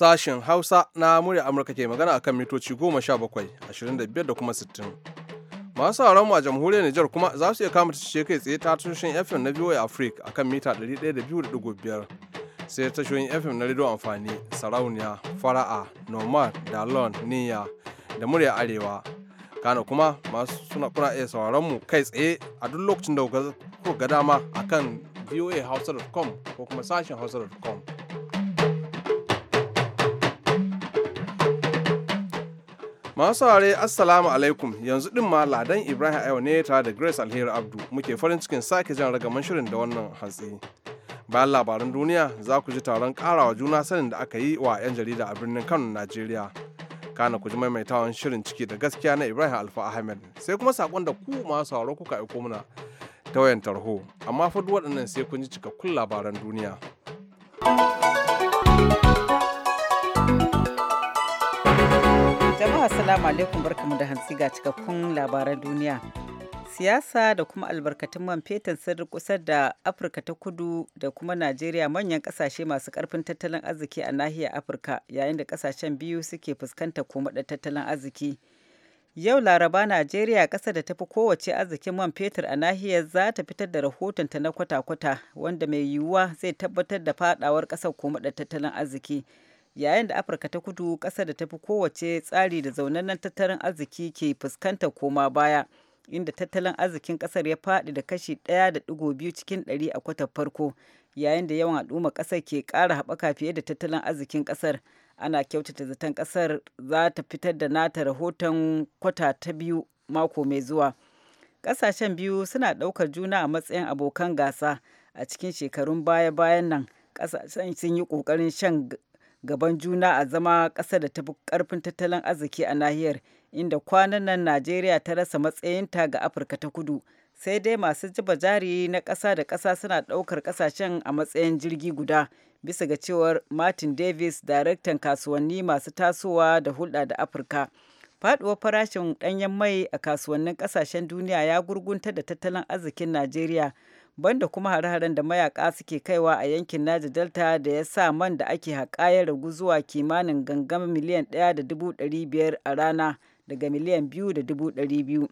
sashen Hausa na murya Amurka ke magana akan mitoci 17, 25 da kuma 60. Masu sauran mu a jamhuriyar Nijar kuma za su iya kama tashe kai tsaye ta tushen FM na VOA Africa akan mita 102.5 sai tashoyin FM na rediyo amfani sarauniya fara'a nomad dalon niya da murya arewa kana kuma masu suna kuna iya sauran mu kai tsaye a duk lokacin da kuka ga dama akan voahausa.com ko kuma sashen hausa.com Masu ware Assalamu alaikum yanzu din ma Ladan Ibrahim Ayo ne tare da Grace Alheri Abdu muke farin cikin sake jan ragaman shirin da wannan hatsi Bayan labaran duniya za ku ji taron karawa juna sanin da aka yi wa 'yan jarida a birnin Kano, Najeriya. Kana ku ji maimaitawan shirin ciki da gaskiya na Ibrahim Alfa Ahmed sai kuma sakon da ku masu sauraro kuka aiko mana ta wayan tarho amma fa duk waɗannan sai kun ji cikakkun labaran duniya. Assalamu alaikum barkamu da hantsi ga cikakkun labaran duniya. Siyasa da kuma albarkatun man fetur sun kusa da Afirka ta kudu da kuma Najeriya manyan kasashe masu karfin tattalin arziki a nahiyar Afirka yayin da kasashen biyu suke fuskantar komaɗar tattalin arziki. Yau Laraba Najeriya kasa da tafi kowace arzikin man fetur a nahiyar za ta fitar da rahoton ta na kwata-kwata wanda mai yiwuwa zai tabbatar da faɗawar ƙasar komaɗar tattalin arziki. yayin da afirka ta kudu ƙasar da tafi kowace tsari da zaunannen tattalin arziki ke fuskantar koma baya inda tattalin arzikin ƙasar ya faɗi da kashi da biyu cikin 100 a kwatar farko yayin da yawan al'umma ƙasar ke ƙara haɓaka fiye da tattalin arzikin ƙasar ana kyautata zaton ƙasar za ta fitar da nata rahoton kwata ta biyu mako mai zuwa ƙasashen biyu suna ɗaukar juna a matsayin abokan gasa a cikin shekarun baya-bayan nan ƙasashen sun yi ƙoƙarin shan gaban juna a zama ƙasa da ta fi ƙarfin tattalin arziki a nahiyar inda kwanan nan najeriya ta rasa matsayinta ga afirka ta kudu sai dai masu jiba jari na ƙasa da ƙasa suna ɗaukar ƙasashen a matsayin jirgi guda bisa ga cewar martin davis daraktan kasuwanni masu tasowa da hulɗa da afirka Faɗuwar farashin ɗanyen mai a kasuwannin ƙasashen duniya ya gurgunta da tattalin arzikin najeriya banda kuma hare-haren da mayaka suke kaiwa a yankin Naji Delta da ya sa man da ake haƙa ya ragu zuwa kimanin gangan miliyan 1.500 a rana daga miliyan 2.200.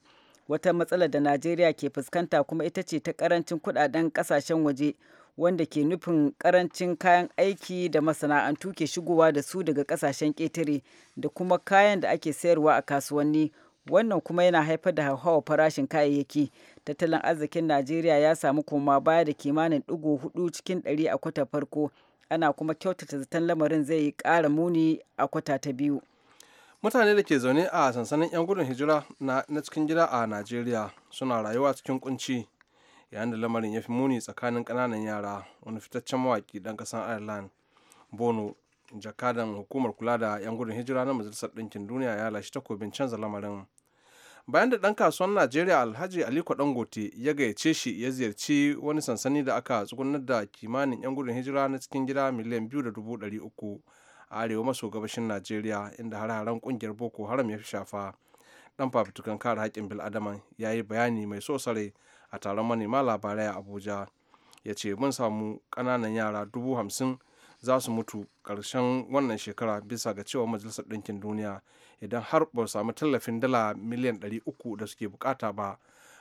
Wata matsalar da Najeriya ke fuskanta kuma ita ce ta karancin kuɗaɗen ƙasashen waje wanda ke nufin ƙarancin kayan aiki da masana'antu ke shigowa da su daga ƙasashen ƙetare da kuma kayan da ake sayarwa a kasuwanni. wannan kuma yana haifar da hauhawar farashin kayayyaki tattalin arzikin najeriya ya samu koma baya da kimanin ɗigo hudu cikin ɗari a kwata farko ana kuma kyautata zaton lamarin zai yi kara muni a kwata ta biyu mutane da ke zaune a sansanin 'yan gudun hijira na cikin gida a najeriya suna rayuwa cikin kunci yayin da lamarin ya fi muni tsakanin kananan yara wani fitaccen mawaƙi ɗan ƙasar ireland bono jakadan hukumar kula da 'yan gudun hijira na majalisar ɗinkin duniya ya lashe takobin canza lamarin bayan da ɗan kasuwan najeriya alhaji aliko dangote ya gayyace shi ya ziyarci wani sansani da aka tsugunar da kimanin 'yan gudun hijira na cikin gida miliyan biyu da dubu ɗari uku a arewa maso gabashin najeriya inda har-haren ƙungiyar boko haram ya fi shafa ɗan fafutukan kare haƙƙin bil'adama ya yi bayani mai so a taron manema labarai a abuja ya ce mun samu ƙananan yara dubu hamsin za su mutu karshen wannan shekara bisa ga cewa majalisar ɗinkin duniya idan har ba samu tallafin dala miliyan 300 da suke bukata ba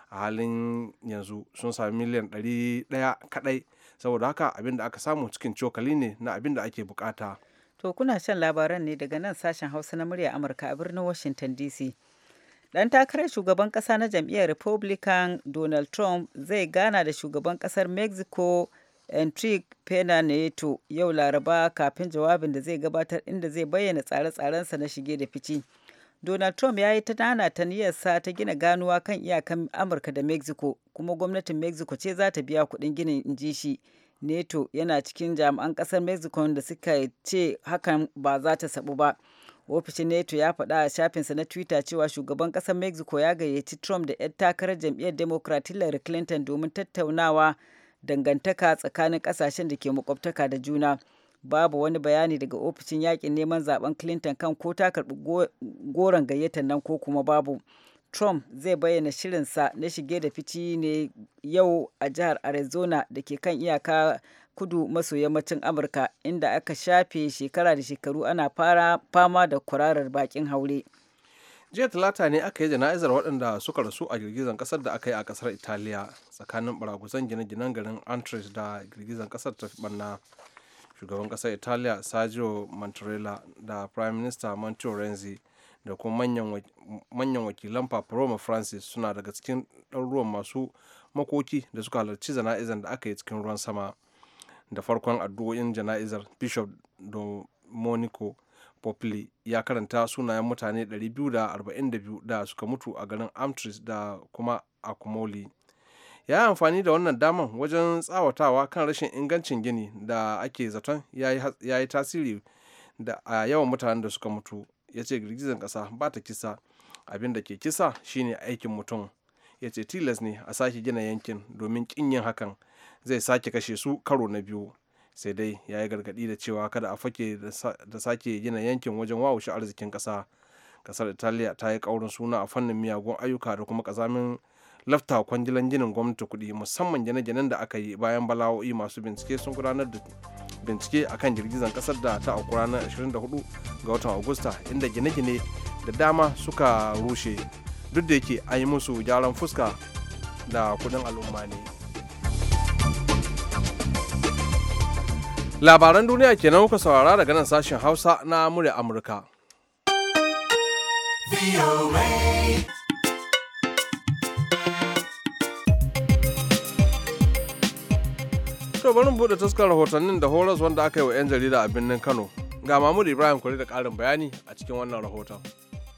a halin yanzu sun sami miliyan 100 kadai saboda haka abin da aka samu cikin cokali ne na abin da ake bukata to kuna shan labaran ne daga nan sashen hausa na murya amurka a birnin washington dc Dan takarar shugaban kasa na jam'iyyar Republican Donald Trump zai gana da shugaban kasar Mexico enrique pena neto yau laraba kafin jawabin da zai gabatar inda zai bayyana tsare-tsarensa na shige da fice donald trump ya yi ta nana ta niyyarsa ta gina ganuwa kan iyakan amurka da mexico kuma gwamnatin mexico ce za ta biya kuɗin ginin in ji shi neto yana cikin jami'an ƙasar mexico da suka ce hakan ba za ta sabu ba ofishin neto ya faɗa a shafinsa na twitter cewa shugaban ƙasar mexico ya gayyaci trump da 'yan takarar jam'iyyar democrat hillary clinton domin tattaunawa dangantaka tsakanin kasashen da ke makwabtaka da juna babu wani bayani daga ofishin yakin neman zaben clinton kan ko ta karbi goron gayyatar nan ko kuma babu trump zai bayyana shirinsa na shige da fici ne yau a jihar arizona da ke kan iyaka kudu maso yammacin amurka inda aka shafe shekara da shekaru ana fara fama da kwararar bakin haure jiya talata ne aka yi jana'izar waɗanda suka rasu a girgizan ƙasar da aka yi a ƙasar italiya tsakanin baraguzan gine-ginen garin antris da girgizan ƙasar ta ɓanna shugaban ƙasar italiya sergio mantarella da prime minister matteo renzi da kuma manyan wakilan paparoma francis suna daga cikin ɗaruruwan masu makoki da suka halarci jana'izar da aka yi cikin ruwan sama da farkon addu'o'in jana'izar bishop domenico Popley ya karanta sunayen mutane 242 da suka mutu a garin Amtris da kuma Akumoli. Ya yi amfani da wannan daman wajen tsawatawa kan rashin ingancin gini da ake zaton ya yi tasiri da a yawan mutanen da suka mutu. Ya ce girgizar ƙasa ba ta kisa, abin da ke kisa shine aikin mutum. Ya ce tilas ne a sake gina yankin domin kin yin hakan zai sake kashe su karo na biyu. sai dai ya yi gargaɗi da cewa kada a fake da sake gina yankin wajen wawushe arzikin ƙasa ƙasar italiya ta yi ƙaurin suna a fannin miyagun ayyuka da kuma ƙazamin lafta kwangilan ginin gwamnati kuɗi musamman gine-ginen da aka yi bayan bala'o'i masu bincike sun gudanar da bincike akan girgizan ƙasar da ta auku ranar 24 ga watan agusta inda gine-gine da dama suka rushe duk da yake an yi musu gyaran fuska da kuɗin al'umma ne. labaran duniya ke kenan kuka saurara daga nan sashen hausa na murya amurka to bari mu buɗe taskar rahotannin da horas wanda aka yi wa 'yan jarida a birnin kano ga mahmud ibrahim kuri da karin bayani a cikin wannan rahoton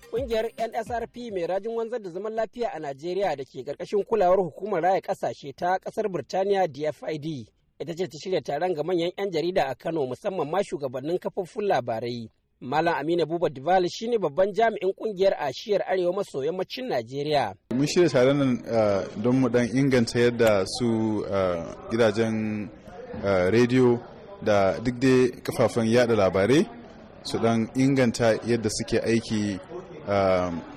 Ƙungiyar NSRP mai rajin wanzar da zaman lafiya a Najeriya da ke ƙarƙashin kulawar hukumar raya ƙasashe ta ƙasar Birtaniya DFID ita ce ta shirya taron ga manyan 'yan jarida a Kano musamman ma shugabannin kafofin labarai. Malam Aminu Buba Dival shine babban jami'in kungiyar ashiyar Arewa maso yammacin Najeriya. Mun shirya taron nan eh, don mu dan inganta yadda su eh, gidajen eh, rediyo da duk dai kafafen yada labarai su dan inganta yadda suke aiki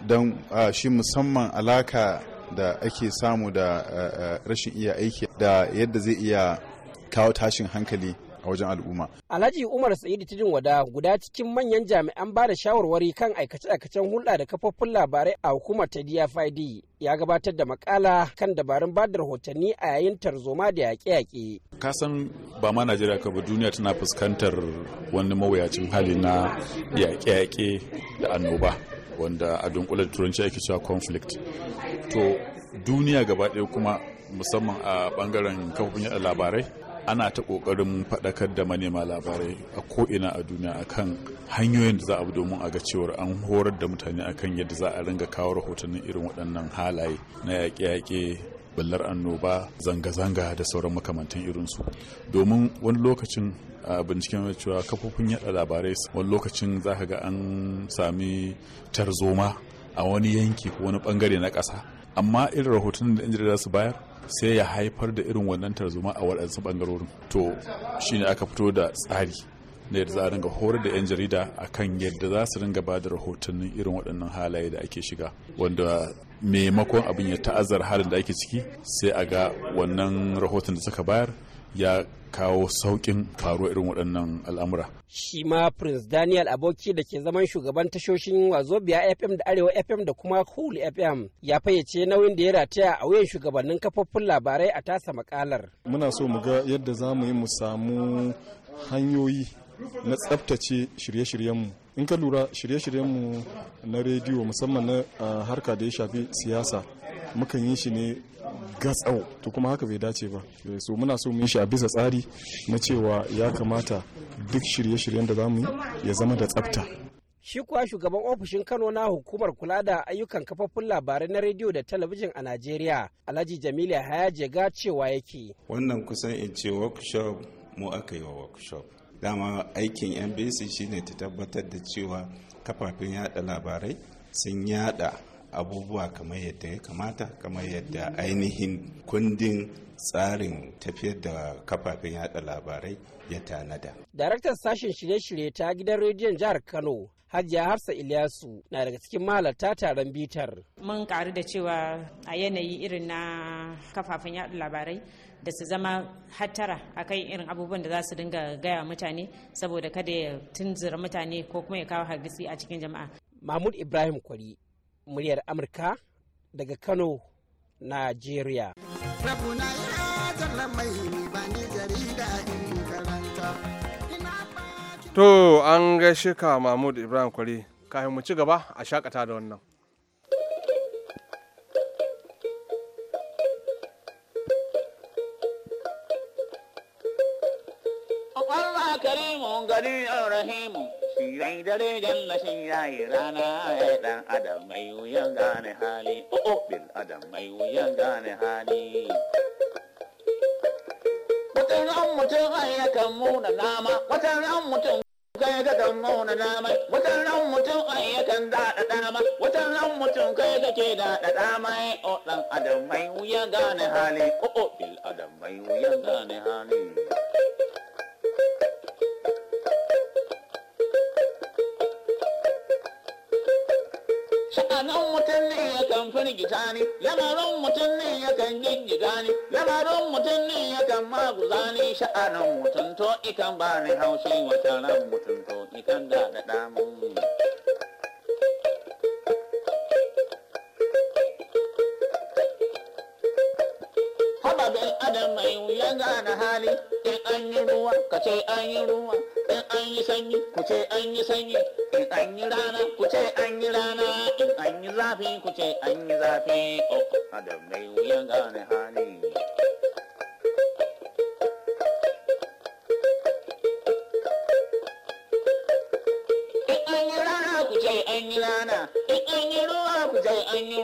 don shi musamman alaka da ake samu da rashin iya aiki da yadda zai iya kawo tashin hankali a wajen al'umma. Alhaji Umar Sa'idu Tudun Wada guda cikin manyan jami'an ba da shawarwari kan aikace-aikacen hulɗa da kafofin labarai a hukumar ta DFID ya gabatar da makala kan dabarun ba da rahotanni a yayin tarzoma da yaƙe-yaƙe. Ka san ba ma Najeriya ka ba duniya tana fuskantar wani mawuyacin hali na yaƙe-yaƙe da annoba wanda a dunkular turanci ake cewa conflict. To duniya gaba ɗaya kuma musamman a ɓangaren kafofin labarai ana ta kokarin faɗakar da manema labarai a ko'ina a duniya akan hanyoyin da za a bi domin a ga cewar an horar da mutane akan yadda za a ringa kawo rahotannin irin waɗannan halaye na yaƙe-yaƙe ballar annoba zanga-zanga da sauran makamantan irinsu domin wani lokacin a binciken cewa kafofin yada labarai wani lokacin za ka ga an sami tarzoma a wani yanki ko wani bangare na ƙasa amma irin rahoton da 'yan za su bayar sai ya haifar da irin wannan tarzoma a waɗansu ɓangarorin to shine aka fito da tsari da yadda za a ringa horar da 'yan jarida a kan yadda za su ringa ba da rahotannin irin waɗannan halaye da ake shiga wanda maimakon abin ya ta'azzar halin da ake ciki sai a ga wannan rahoton da suka bayar ya kawo sauƙin faruwa irin waɗannan al'amura. Shi ma Prince Daniel Aboki da ke zaman shugaban tashoshin Wazobia FM da Arewa FM da kuma Hulu FM ya fayyace nauyin da ya rataya a wuyan shugabannin kafofin labarai a tasa makalar. Muna so mu ga yadda za mu yi mu samu hanyoyi na tsaftace shirye-shiryenmu. In ka lura shirye-shiryenmu na rediyo musamman na ah, harka da ya shafi siyasa mukan yi shi ne gatsau to kuma haka bai dace ba eh, so muna so mun shi a bisa tsari na cewa ya kamata duk shirye-shiryen da zamu yi ya zama da tsabta. shi kuwa shugaban ofishin kano na hukumar kula da ayyukan kafafun labarai na rediyo da talabijin a najeriya alhaji jamilu haya jega cewa yake wannan kusan in ce workshop mu aka yi wa workshop dama aikin nbc shine ta tabbatar da cewa kafafen yada labarai sun yada abubuwa kamar yadda ya kamata kamar yadda ainihin kundin tsarin tafiyar da kafafen yada labarai ya tanada. Daraktan sashen shirye-shirye ta gidan rediyon jihar Kano Hajiya Hafsa Ilyasu na daga cikin mahalarta taron bitar. Mun karu da cewa a yanayi irin na kafafen yada labarai da su zama hattara akan irin abubuwan da za su dinga gaya mutane saboda kada ya tunzura mutane ko kuma ya kawo hargitsi a cikin jama'a. Mahmud Ibrahim Kwari, muryar amurka daga kano nigeria mai ba ni To an gaishe ka Mahmud Ibrahim Kwari, kafin mu ci gaba a shakata da wannan. mai dare jannatin yayi rana ya dan adam mai wuyan gane hali o oh, oh, bil adam mai wuyan gane hali watan ran mutum ai yakan muna nama watan ran mutum kai ga kan muna nama watan ran mutum ai da da dama watan ran mutum kai ga ke da dama o oh, dan adam mai wuyan gane hali o bil adam mai wuyan gane hali sa'anan mutum ne ya kan firgita ne lamarin mutum ne ya kan gingiga ne lamarin mutum ne ya kan maguza ne sha'anan mutum to ikan ba ni haushi wata ran mutum to ikan da da damun da mai wuya gane hali in an yi ruwa ka ce an yi ruwa in an yi sanyi ku ce an yi sanyi in an yi rana ku ce an yi rana in an yi zafi ku ce an yi zafi oh da mai wuya gane hali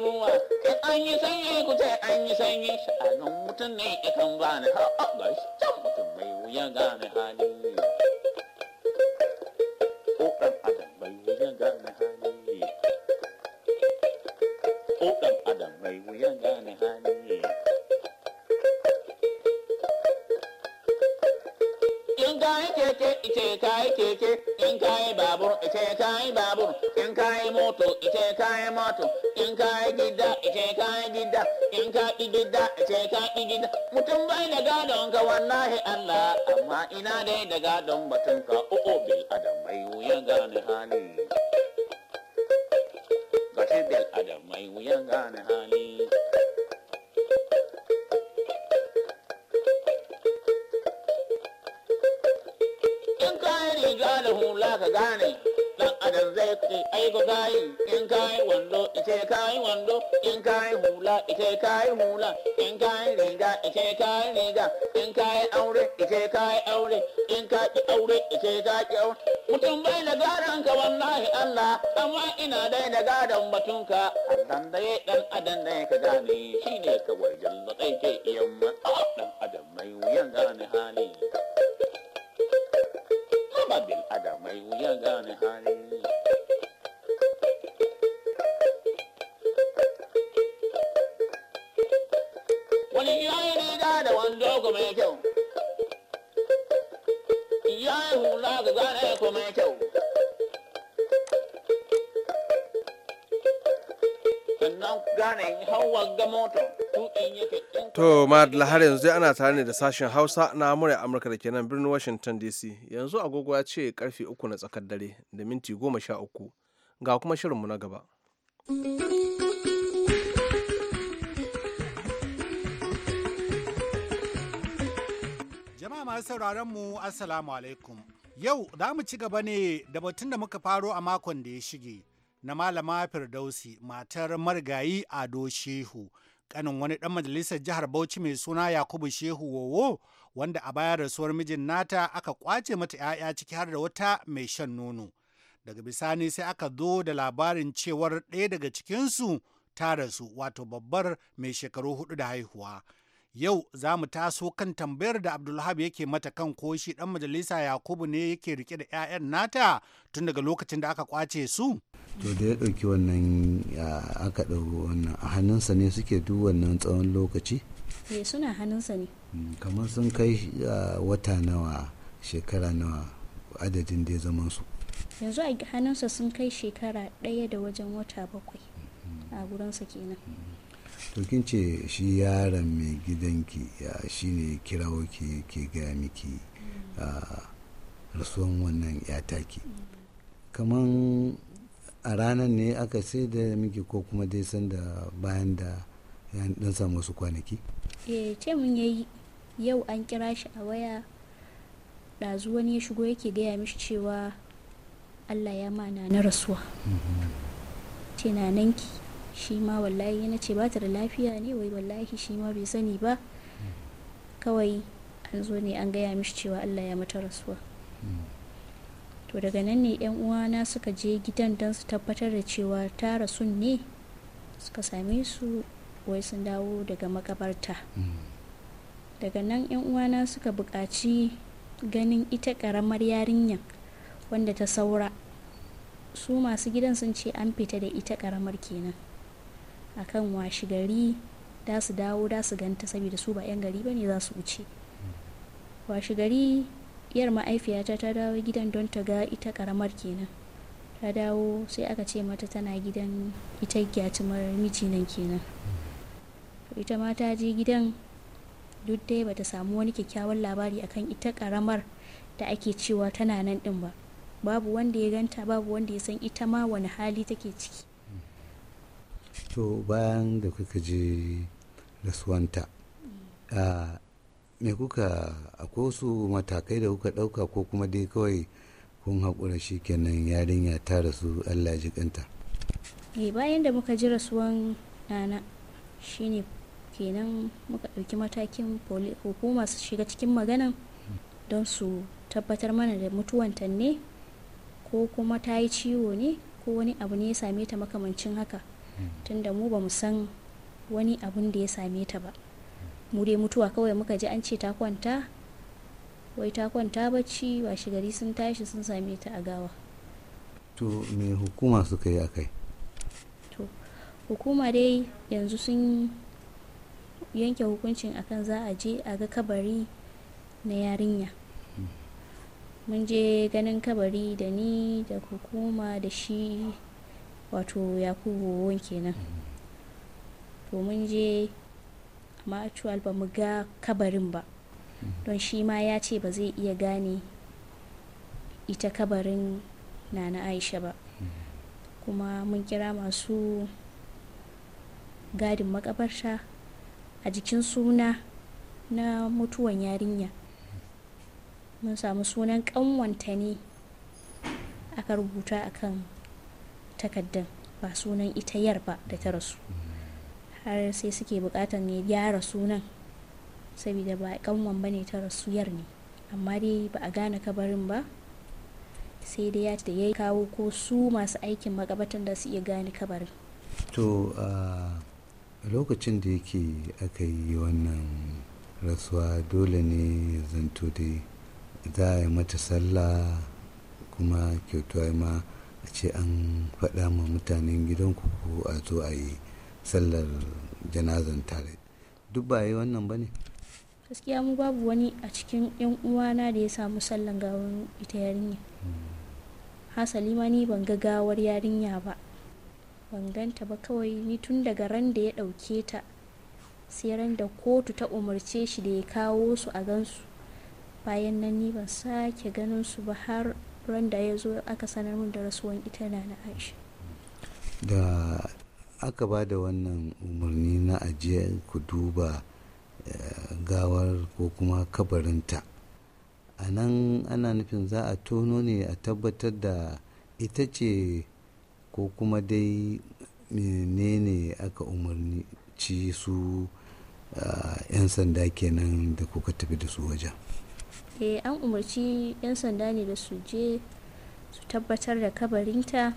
ruwa kai an yi sanyi ku ce an yi sanyi sha'anin mutum ne Ba ni ha a ga shi can mutum mai wuya gane halin ko kayi keke ite kayi keke in kayi babur ite kayi babur in kayi moto ice kayi moto in kayi gida ite kayi gida in kayi gida ite kayi gida mutum bai da gadon ka wallahi Allah amma ina dai da gadon batun ka o bil adam mai wuyan gane hali gashi bil adam mai wuyan gane hali za ka gane dan adam zai ce ai ba kayi in kayi wando ite kayi wando in kai hula ite kayi hula in kai riga ite kayi riga in kai aure ite kayi aure in kai aure ite kayi aure mutum bai da garan ka wallahi Allah amma ina dai da garan batun ka dan dai dan adam ne ka gane shine kawai jalla dai ke yamma. dan adam mai wuyan gane hali taba bil adam mai wuya gane hali wani ya yi riga da wando kuma ya kyau yayi hula ga zane kuma ya kyau sannan gane hawa ga motar To, Madalla har yanzu dai ana tare ne da sashen Hausa na murya Amurka da ke nan birnin Washington DC. Yanzu agogo ya ce karfe uku na tsakar dare da minti goma sha uku. Ga kuma shirinmu na gaba. Jama'a masu sauraron mu Assalamu alaikum. Yau za mu ci gaba ne da batun da muka faro a makon da ya shige na Malama Firdausi matar marigayi Ado Shehu. kanin wani dan majalisar jihar Bauchi mai suna Yakubu Shehu Wowo wanda a baya rasuwar mijin nata aka kwace mata 'ya'ya ciki har da wata mai shan nono. Daga bisani sai aka zo da labarin cewar ɗaya daga cikinsu ta rasu wato babbar mai shekaru hudu da haihuwa. Yau za mu taso kan tambayar da Abdulhab yake mata kan ko shi dan majalisa Yakubu ne yake rike da 'ya'yan nata tun daga lokacin da aka kwace su. To da ya ɗauki wannan aka ɗau wannan a hannunsa ne suke duk wannan tsawon lokaci? Eh suna hannunsa ne. Hmm, kamar sun kai wata nawa shekara nawa adadin da ya zaman su. Yanzu a hannunsa sun kai shekara ɗaya da wajen wata bakwai a gurinsa kenan. Hmm, hmm. to kin ce shi yaron mai gidanki ya shi ne kirawo ki ke gaya miki mm. a ah, rasuwan wannan ya taki kaman a ranar ne aka sai da miki ko kuma dai sanda bayan da ya dan samu wasu kwanaki eh ce mun yayi yau an kira shi a waya ɗazu wani ya shigo yake gaya mishi cewa allah ya mana na rasuwa tunaninki mm-hmm. shi ma wallahi yana ce bata da lafiya ne wai wallahi shi ma bai sani ba kawai an zo ne an gaya mishi cewa allah ya mata rasuwa to daga nan ne yan uwana suka je gidan don su tabbatar da cewa ta rasu ne suka same su wai sun dawo daga makabarta daga nan yan uwana suka buƙaci ganin ita ƙaramar yarinyar wanda ta saura su masu gidan sun ce an fita da ita ƙaramar kenan akan washi gari da su dawo da su ganta saboda su ba 'yan gari ba ne za su wuce washi gari yar ma'aifiyata ta dawo gidan don ta ga ita karamar kenan ta dawo sai aka ce mata tana gidan ita gyatumar mijinan kenan ita ma ta je gidan duk dai bata samu wani kyakkyawan labari akan ita karamar da ake cewa tana nan din ba babu wanda ya ganta babu wanda ya san ita ma wani hali take ciki to bayan da kuka je rasuwanta me kuka akwai wasu matakai da kuka ɗauka ko kuma dai kawai kun haƙura shi kenan yarinya ta rasu allah jikanta e, bayan da muka ji rasuwan nana shine kenan muka ɗauki matakin hukuma su shiga cikin maganan don su tabbatar mana da mutuwanta ne ko kuma ta yi ciwo ne ko wani abu ne ya same ta makamancin haka tunda mu ba mu san wani abun da ya same ta ba mu dai mutuwa kawai muka ji an ce ta kwanta wai ta kwanta bacci shi gari sun tashi sun same ta a gawa to me hukuma suka yi akai to hukuma dai yanzu sun yanke hukuncin akan za a je a ga kabari na yarinya hmm. mun je ganin kabari da ni da hukuma da shi wato yakubu won kenan to mun je amma actual ba mu ga kabarin ba don shi ma ya ce ba zai iya gane ita kabarin na na aisha ba kuma mun kira masu gadin makabarta a jikin suna na mutuwan yarinya mun samu sunan kanwanta ne aka rubuta akan takardar ba sunan ita yar ba da ta rasu har sai suke bukatar ne gyara sunan saboda ba kanwan ba ne ta rasu yar ne amma dai ba a gane kabarin ba sai dai ya da ya kawo ko su masu aikin magabatan da su iya gane kabarin to a lokacin da yake aka yi wannan rasuwa dole ne ya zanto dai za a yi mata sallah kuma kyautuwa ma a ce an faɗa ma mutanen gidan ko a zo a yi sallar janazan tare duk ba yi wannan ba ne gaskiya mu babu wani a cikin yan uwana da ya samu sallan gawar ita yarinya hmm. hasali ma ni ban ga gawar yarinya ba ban ganta ba kawai ni tun daga ran da ya ɗauke ta sai ran da kotu ta umarce shi da ya kawo su a gansu bayan nan ni ban sake ganin su ba har randa ya zo aka sanar min da rasuwan ita na na aisha da aka ba da wannan umarni na ajiye ku duba eh, gawar ko kuma kabarinta a nan ana nufin za a tono ne a tabbatar da ita ce ko kuma dai menene aka umarni ci su eh, 'yan sanda kenan da kuka tafi da su wajen eh an umarci 'yan sanda ne da su je su tabbatar da kabarinta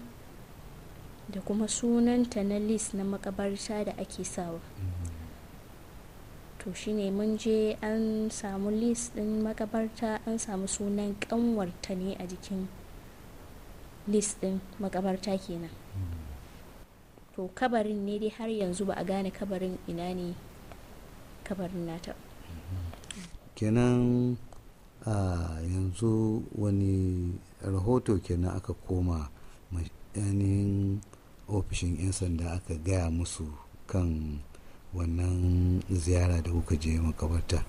da kuma sunanta na lis na makabarta da ake sawa to shine mun je an samu list din makabarta an samu sunan kanwarta ne a jikin lis din makabarta kenan to kabarin ne dai har yanzu ba a gane kabarin ina ne kabarin nata kenan a yanzu wani rahoto kenan aka koma yanayin ofishin 'yan sanda aka gaya musu kan wannan ziyara da kuka je makabarta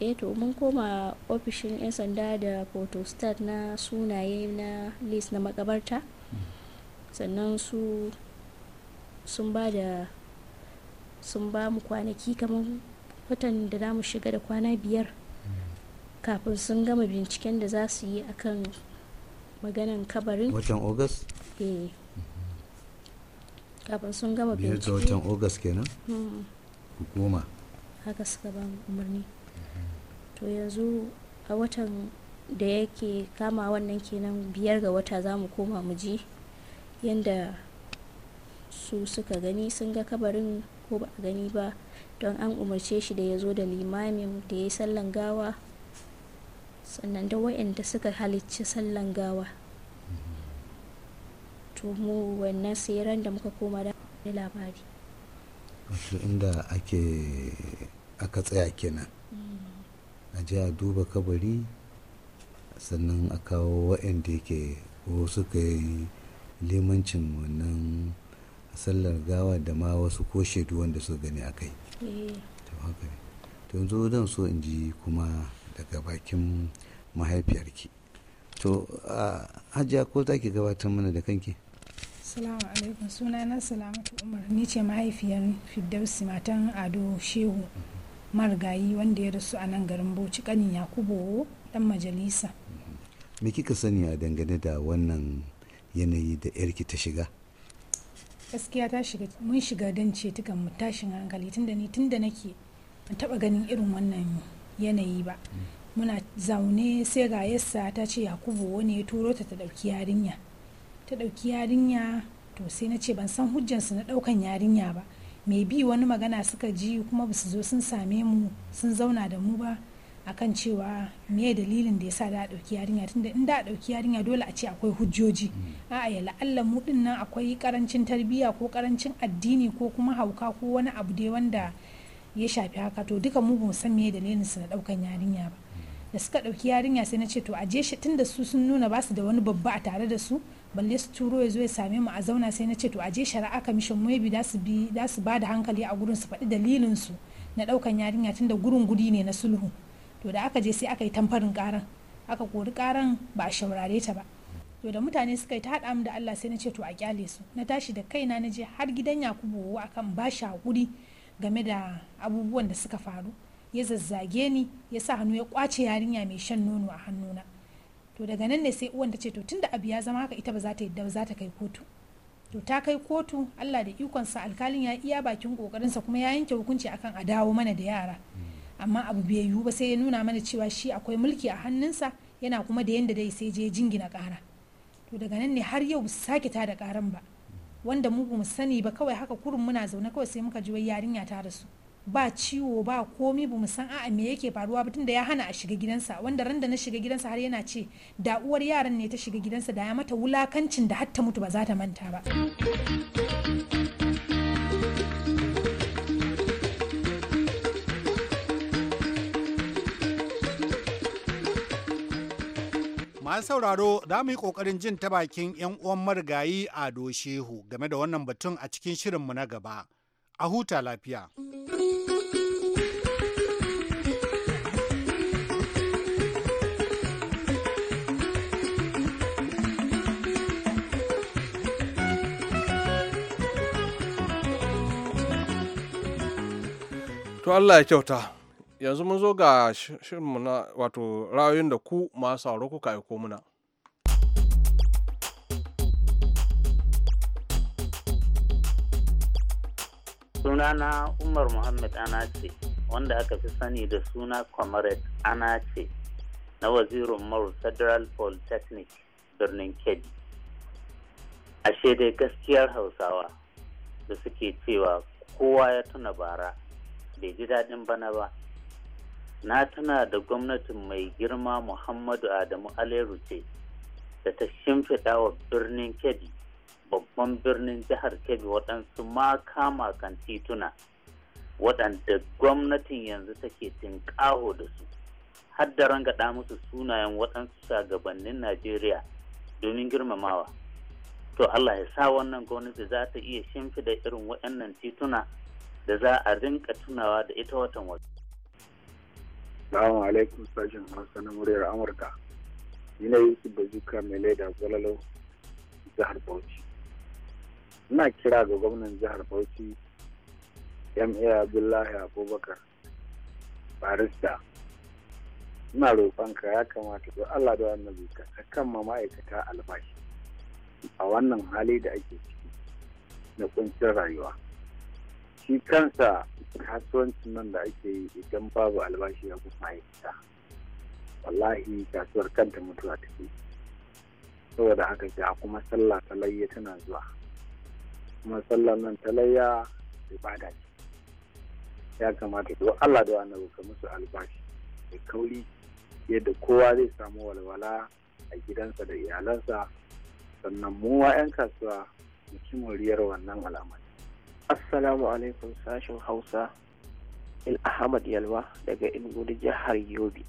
eh to mun koma ofishin 'yan sanda da photostat na sunaye na list na makabarta sannan su sun ba da sun ba mu kwanaki kamar watan da za mu shiga da kwana biyar kafin sun gama binciken da za su yi akan maganan kabarin watan august eh. kafin sun gama binciken ga watan august kenan hmm. hukuma haka suka ba umarni to yanzu a watan da yake kama wannan kenan biyar ga wata za mu koma mu ji yadda su suka gani sun ga kabarin ko ba a gani ba don an umarce shi da ya zo da limamin da ya yi sallan gawa sannan da waɗanda suka halicci sallan gawa to mu wannan tseren da muka koma da labari wato inda ake aka tsaya kenan mm. a ji a duba kabari sannan a kawo waɗanda yake ko suka yi limancin wannan sallar gawa da ma wasu ko shaidu wanda su gani a kai eh. to yanzu zan so in ji kuma daga bakin mahaifiyarki to hajiya ko za ki gabatar mana da kanki salamu alaikum suna salamatu umar ni ce mahaifiyar firdausi matan ado shehu marigayi wanda ya rasu a nan garin bauchi kanin yakubu dan majalisa me kika sani a dangane da wannan yanayi da yarki ta shiga gaskiya ta shiga mun shiga dan ce tukan mu tashin hankali tunda ni tunda nake taba ganin irin wannan yanayi ba muna zaune sai ga yassa ta ce yakubu wani ya turo ta ta ɗauki yarinya ta ɗauki yarinya to sai na ce ban san hujjansu na ɗaukan yarinya ba mai bi wani magana suka ji kuma ba su zo sun same mu sun zauna da mu ba akan cewa me dalilin da yasa da ɗauki yarinya tunda in da ɗauki yarinya dole a ce akwai hujjoji a'a ya la'alla mu din nan akwai karancin tarbiyya ko karancin addini ko kuma hauka ko wani abu dai wanda ya shafi haka to duka mu bamu san meye dalilin su na daukan yarinya ba da suka dauki yarinya sai na ce to aje shi tunda su sun nuna ba su da wani babba a tare da su balle su turo ya zo ya same mu a zauna sai na ce to aje shari'a kamishin bi da su bi da su ba da hankali a gurin su faɗi dalilin su na daukan yarinya tunda gurin gudi ne na sulhu to da aka je sai aka yi tamfarin karan aka kori karan ba a shaurare ta ba to da mutane suka yi ta haɗa mu da Allah sai na ce to a kyale su na tashi da kaina na je har gidan Yakubu akan ba shi hakuri game da abubuwan da suka faru ya zazzage ni ya sa hannu ya kwace yarinya mai shan nono a hannuna to daga nan ne sai uwan ta ce to tunda abu ya zama haka ita ba za ta yadda ba za ta kai kotu to ta kai kotu Allah da ikonsa alkalin ya iya bakin kokarinsa kuma ya yanke hukunci akan a dawo mana da yara hmm. amma abu bai yiwu ba sai ya nuna mana cewa shi akwai mulki a hannunsa yana kuma da yanda dai sai je jingina kara to daga nan ne har yau sake ta da karan ba wanda mu bamu sani ba kawai haka kurun muna zaune kawai sai muka ji wai yarinya ta rasu ba ciwo ba komi bamu san a'a me yake faruwa ba tunda ya hana a shiga gidansa wanda randa na shiga gidansa har yana ce da uwar yaran ne ta shiga gidansa da ya mata wulakancin da hatta mutu ba za ta manta ba masu sauraro za mu yi kokarin jin ta bakin 'yan uwan marigayi a shehu game da wannan batun a cikin shirinmu na gaba a huta lafiya. To Allah ya kyauta. yanzu mun zo ga shirinmu na wato ra'ayoyin da ku masu sauro kuka aiko muna. Sunana Umar Muhammad Anace wanda aka fi sani da suna Comrade Anace na wazirin Maru Federal Polytechnic birnin Kebbi. Ashe dai gaskiyar Hausawa da suke cewa kowa ya tuna bara bai ji daɗin bana ba. na tana da gwamnatin mai girma muhammadu adamu Aleru ce da ta shimfiɗa wa birnin kebbi babban birnin jihar kebbi waɗansu maka kan tituna waɗanda gwamnatin yanzu take tinƙaho da su har da rangaɗa musu sunayen waɗansu shugabannin najeriya domin girmamawa to allah ya sa wannan gwamnati za ta iya shimfida irin waɗannan tituna da za a rinka tunawa da ita watan waje Salamu alaikum sashen Hausa na muryar Amurka. Ni na Yusuf Bazuka mai laida gwalalo, jihar Bauchi. Ina kira ga gwamnan jihar Bauchi MA Abdullahi Abubakar Barista. Ina roƙonka ya kamata da Allah da zuka ta kan ma ma'aikata albashi a wannan hali da ake ciki na kuncin rayuwa. shi kansa kasuwanci nan da ake yi idan babu albashi ya kuma haifita wallahi kasuwar kanta mutuwa take saboda haka ga kuma sallah ta layya tana zuwa kuma sallah nan ta layya ibada ce ya kamata duk Allah da annabi ka musu albashi da kauri yadda kowa zai samu walwala a gidansa da iyalansa sannan mu 'yan kasuwa mu ci moriyar wannan al'amari Assalamu alaikum sashen Hausa Il Ahmad Yalwa daga Ilmudi jihar Yobe.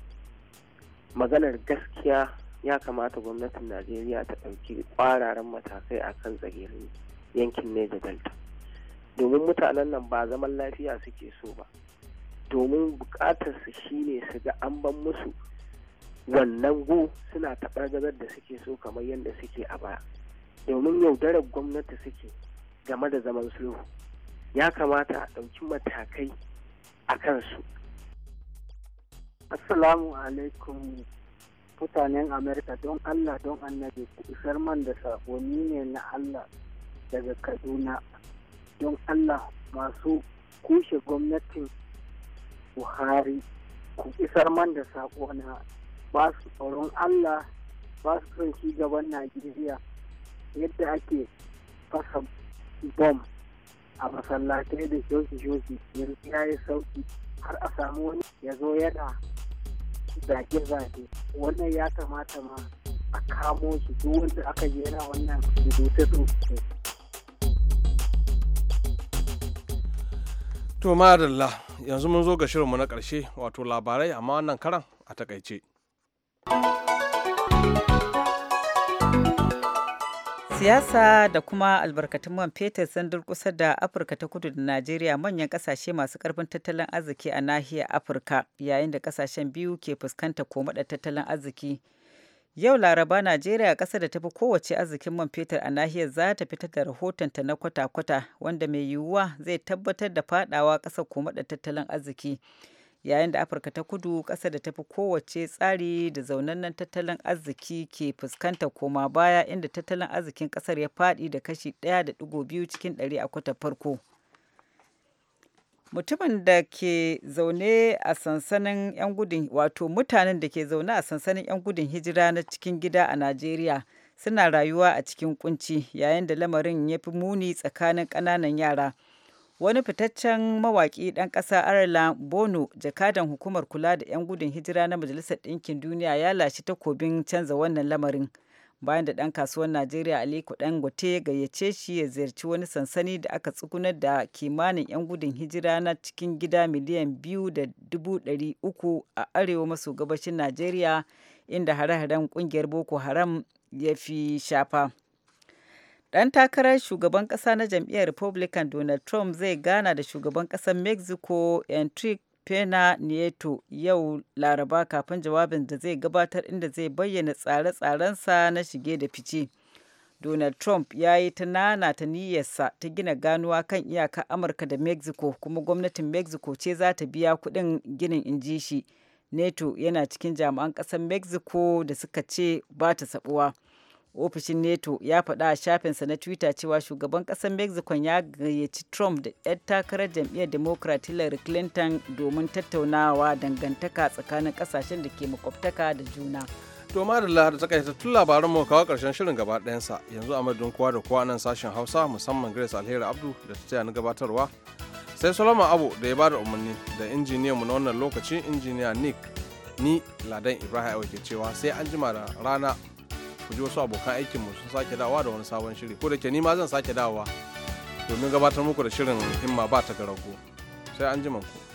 Maganar gaskiya ya kamata gwamnatin Najeriya ta ɗauki ƙwararren matakai a kan tsagirin yankin Neja Delta. Domin mutanen nan ba zaman lafiya suke so ba. Domin su shine su ga an ban musu wannan go suna taɓar gazar da suke so kamar yadda suke a baya. Domin yaudarar gwamnati suke game da zaman sulhu. ya kamata a ɗauki matakai a kansu assalamu alaikum mutanen amerika don allah don annabi ku isar man da saƙoni ne na allah daga kaduna don allah masu kushe gwamnatin buhari ku isar man da saƙo na ba su tsoron allah ba su son gaban najeriya yadda ake fasa bom a masallatai da shoki-shoki yanzu ya yi sauki har a samu wani ya zo yana zage-zage wannan ya kamata ma a kamo shi duk wanda aka yi yana wannan rubuce-rubuce To madalla yanzu mun zo ga shirinmu na ƙarshe wato labarai amma wannan karan a takaice. siyasa da kuma albarkatun man fetur sun durkusa da afirka ta kudu da najeriya manyan kasashe masu karfin tattalin arziki a nahiyar afirka yayin da kasashen biyu ke fuskanta komada tattalin arziki yau laraba najeriya kasar da tafi kowace arzikin man fetur a nahiyar za ta fitar da rahotonta na kwata-kwata wanda mai yiwuwa zai tabbatar da fadawa kasar komada tattalin arziki yayin da afirka ta kudu ƙasa da tafi kowace tsari da zaunannen tattalin arziki ke fuskanta koma baya inda tattalin arzikin ƙasar ya faɗi da kashi 1.2 cikin 100 a kwata farko mutumin da ke zaune a sansanin 'yan gudun wato mutanen da ke zaune a sansanin 'yan gudun hijira na cikin gida a najeriya suna rayuwa a cikin kunci yayin da lamarin ya fi muni tsakanin ƙananan yara wani fitaccen mawaƙi ɗan ƙasa Ireland Bono jakadan hukumar kula da 'yan gudun hijira na Majalisar Ɗinkin Duniya ya lashe takobin canza wannan lamarin bayan da ɗan kasuwar Najeriya Aliko Dangote gayyace shi ya ziyarci wani sansani da aka tsugunar da kimanin 'yan gudun hijira na cikin gida miliyan biyu da dubu ɗari uku a arewa maso gabashin Najeriya inda hare-haren ƙungiyar Boko Haram ya fi shafa. Ɗan takarar shugaban ƙasa na jam'iyyar Republican Donald Trump zai gana da shugaban ƙasar Mexico Enrique Pena Nieto yau Laraba kafin jawabin da zai gabatar inda zai bayyana tsare-tsarensa na shige da fice. Donald Trump ya yi ta niyyarsa ta gina ganuwa kan iyaka Amurka da Mexico kuma gwamnatin Mexico ce za ta biya kuɗin ginin inji shi. Neto yana cikin jami'an ƙasar Mexico da suka ce ba ta sabuwa. ofishin neto ya faɗa a shafinsa na twitter cewa shugaban ƙasar mexico ya gayyaci trump da 'yar takarar jam'iyyar democrat hillary clinton domin tattaunawa dangantaka tsakanin ƙasashen da ke makwabtaka da juna to madalla da tun labaran mu kawo karshen shirin gaba ɗayansa yanzu a madadin kowa da kowa nan sashen hausa musamman grace alheri abdu da ta taya na gabatarwa sai solomon abu da ya bada umarni da injiniyan mu na wannan lokaci injiniya nick ni ladan ibrahim ke cewa sai an jima da rana ku ji wasu abokan aikinmu sun sake dawa da wani sabon shiri ko da ke nima zan sake dawowa domin gabatar muku da shirin himma ba ta garago sai an ku.